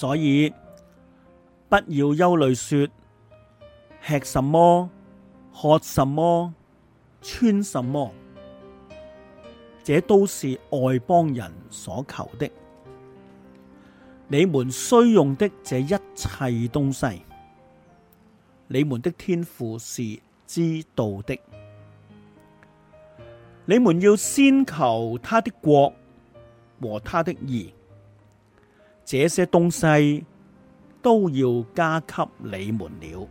所以不要憂慮，說吃什麼、喝什麼、穿什麼，這都是外邦人所求的。你們需用的這一切東西，你們的天父是知道的。你們要先求他的國和他的義。這些東西都要加給你們了，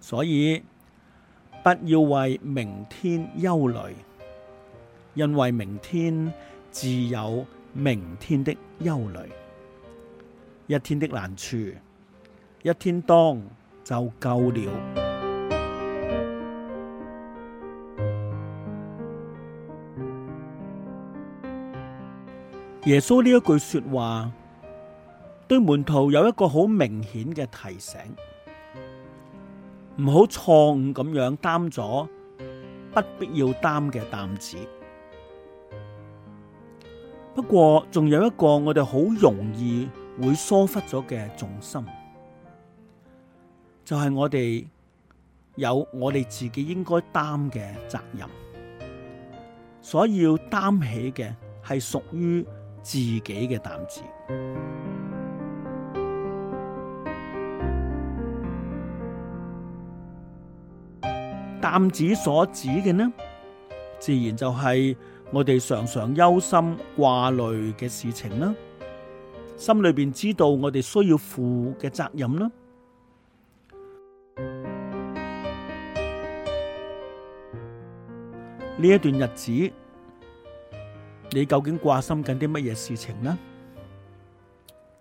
所以不要為明天憂慮，因為明天自有明天的憂慮。一天的難處，一天當就夠了。耶穌呢一句說話，對門徒有一個好明顯嘅提醒，唔好錯誤咁樣擔咗不必要擔嘅擔子。不過，仲有一個我哋好容易會疏忽咗嘅重心，就係我哋有我哋自己應該擔嘅責任，所以要擔起嘅係屬於。自己嘅擔子，擔子所指嘅呢，自然就係我哋常常憂心掛慮嘅事情啦。心裏面知道我哋需要負嘅責任啦。呢一段日子。你究竟掛心緊啲乜嘢事情呢？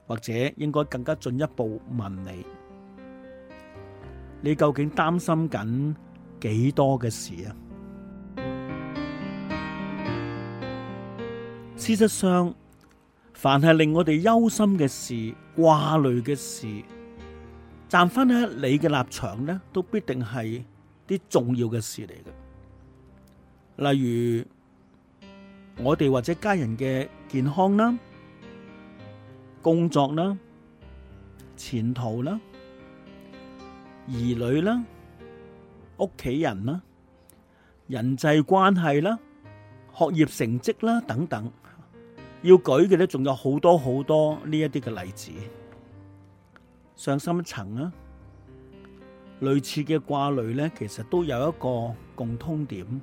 或者應該更加進一步問你，你究竟擔心緊幾多嘅事啊？事實上，凡係令我哋憂心嘅事，掛慮嘅事，站翻喺你嘅立場呢，都必定係啲重要嘅事嚟嘅，例如。我哋或者家人嘅健康啦、工作啦、前途啦、兒女啦、屋企人啦、人際關係啦、學業成績啦等等，要舉嘅咧，仲有好多好多呢一啲嘅例子。上深層啊，類似嘅掛慮咧，其實都有一個共通點，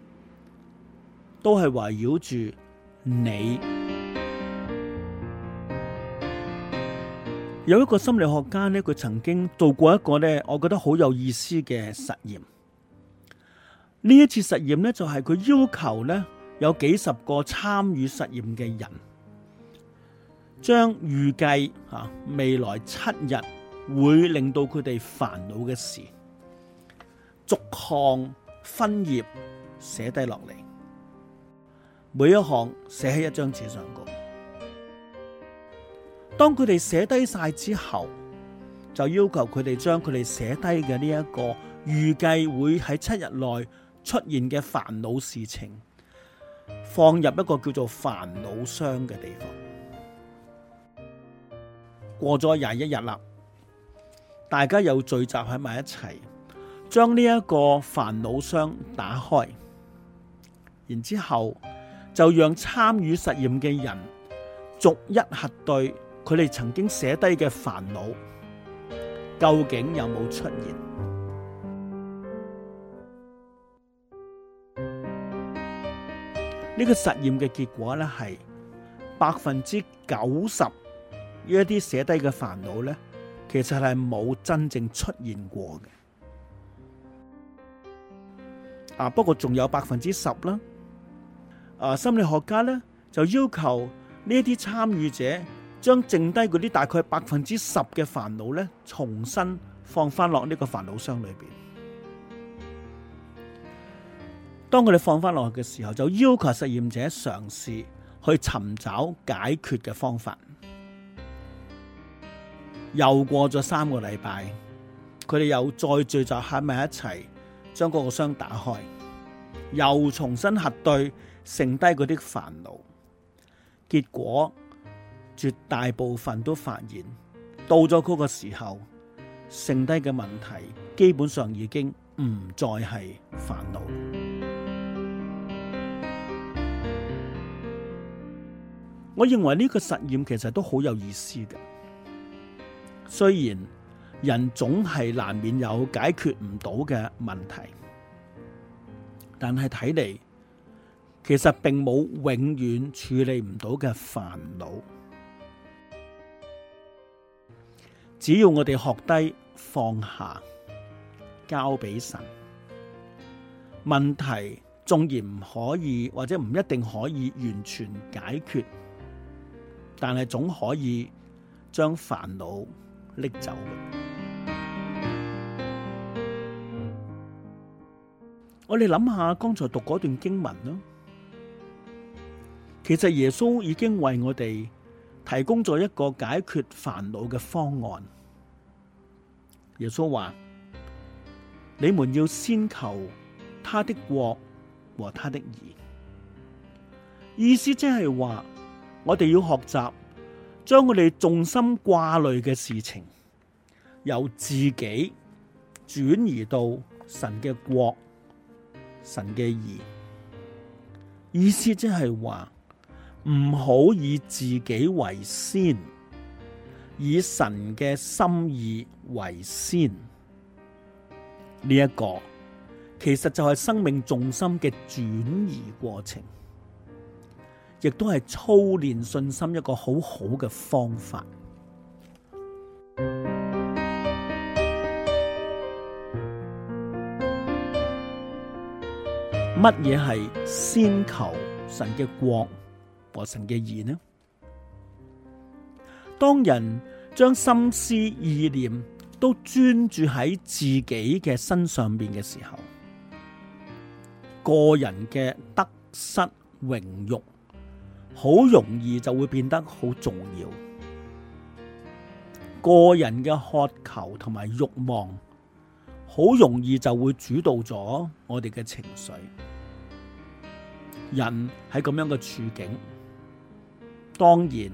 都係圍繞住。你有一個心理學家咧，佢曾經做過一個咧，我覺得好有意思嘅實驗。呢一次實驗咧，就係佢要求咧有幾十個參與實驗嘅人，將預計吓未來七日會令到佢哋煩惱嘅事，逐項分頁寫低落嚟。每一項寫喺一張紙上過，當佢哋寫低晒之後，就要求佢哋將佢哋寫低嘅呢一個預計會喺七日內出現嘅煩惱事情，放入一個叫做煩惱箱嘅地方。過咗廿一日啦，大家又聚集喺埋一齊，將呢一個煩惱箱打開，然之後。就讓參與實驗嘅人逐一核對佢哋曾經寫低嘅煩惱，究竟有冇出現？呢個實驗嘅結果咧，係百分之九十。呢一啲寫低嘅煩惱咧，其實係冇真正出現過嘅。啊，不過仲有百分之十啦。啊！心理學家咧就要求呢一啲參與者將剩低嗰啲大概百分之十嘅煩惱咧，重新放翻落呢個煩惱箱裏邊。當佢哋放翻落去嘅時候，就要求實驗者嘗試去尋找解決嘅方法。又過咗三個禮拜，佢哋又再聚集喺埋一齊，將嗰個箱打開。又重新核對剩低嗰啲煩惱，結果絕大部分都發現到咗嗰個時候，剩低嘅問題基本上已經唔再係煩惱。我認為呢個實驗其實都好有意思嘅，雖然人總係難免有解決唔到嘅問題。但係睇嚟，其實並冇永遠處理唔到嘅煩惱。只要我哋學低放下，交俾神，問題縱然唔可以或者唔一定可以完全解決，但係總可以將煩惱拎走。我哋諗下剛才讀嗰段經文咯，其實耶穌已經為我哋提供咗一個解決煩惱嘅方案。耶穌話：你們要先求他的國和他的義。意思即係話，我哋要學習將我哋重心掛慮嘅事情，由自己轉移到神嘅國。神嘅義，意思即係話唔好以自己為先，以神嘅心意為先。呢、這、一個其實就係生命重心嘅轉移過程，亦都係操練信心一個好好嘅方法。乜嘢係先求神嘅國和神嘅義呢？當人將心思意念都專注喺自己嘅身上邊嘅時候，個人嘅得失榮辱，好容易就會變得好重要。個人嘅渴求同埋欲望。好容易就會主導咗我哋嘅情緒，人喺咁樣嘅處境，當然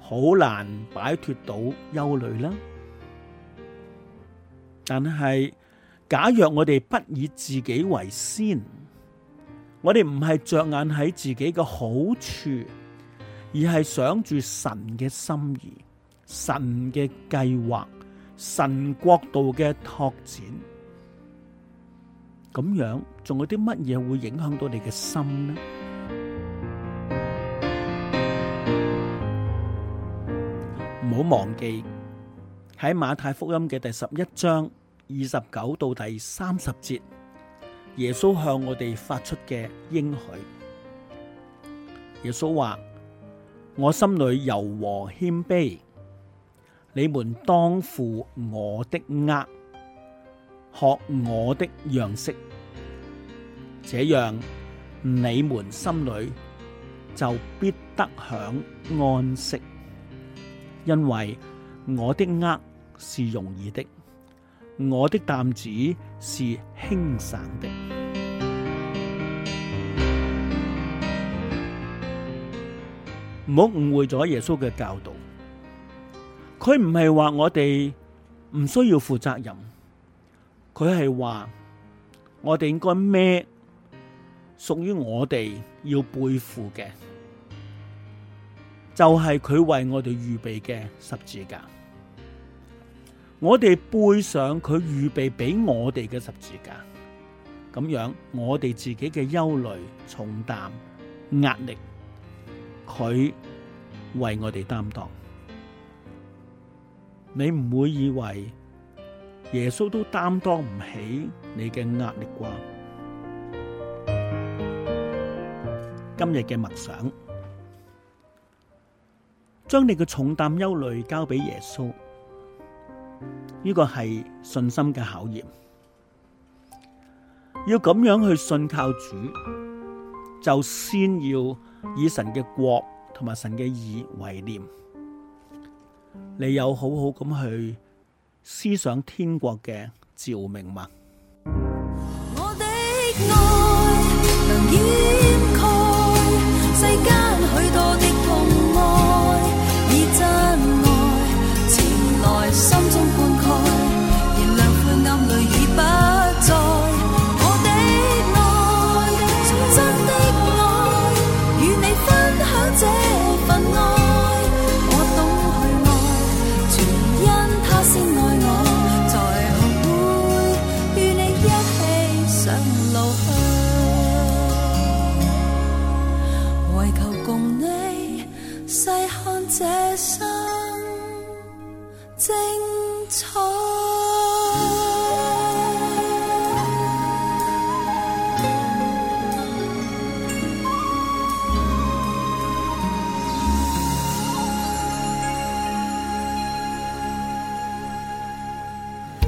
好難擺脫到憂慮啦。但係，假若我哋不以自己為先，我哋唔係着眼喺自己嘅好處，而係想住神嘅心意、神嘅計劃、神國度嘅拓展，咁樣仲有啲乜嘢會影響到你嘅心呢？唔好忘記喺馬太福音嘅第十一章二十九到第三十節，耶穌向我哋發出嘅應許。耶穌話：我心裏柔和謙卑，你們當負我的軛。學我的樣式，這樣你們心裏就必得享安息。因為我的軛是容易的，我的擔子是輕省的。唔好誤會咗耶穌嘅教導，佢唔係話我哋唔需要負責任。佢係話，我哋應該孭屬於我哋要背負嘅，就係佢為我哋預備嘅十字架。我哋背上佢預備俾我哋嘅十字架，咁樣我哋自己嘅憂慮、重擔、壓力，佢為我哋擔當。你唔會以為。耶穌都擔當唔起你嘅壓力啩。今日嘅默想，將你嘅重擔憂慮交俾耶穌，呢個係信心嘅考驗。要咁樣去信靠主，就先要以神嘅國同埋神嘅義為念。你有好好咁去。思想天國嘅趙明文。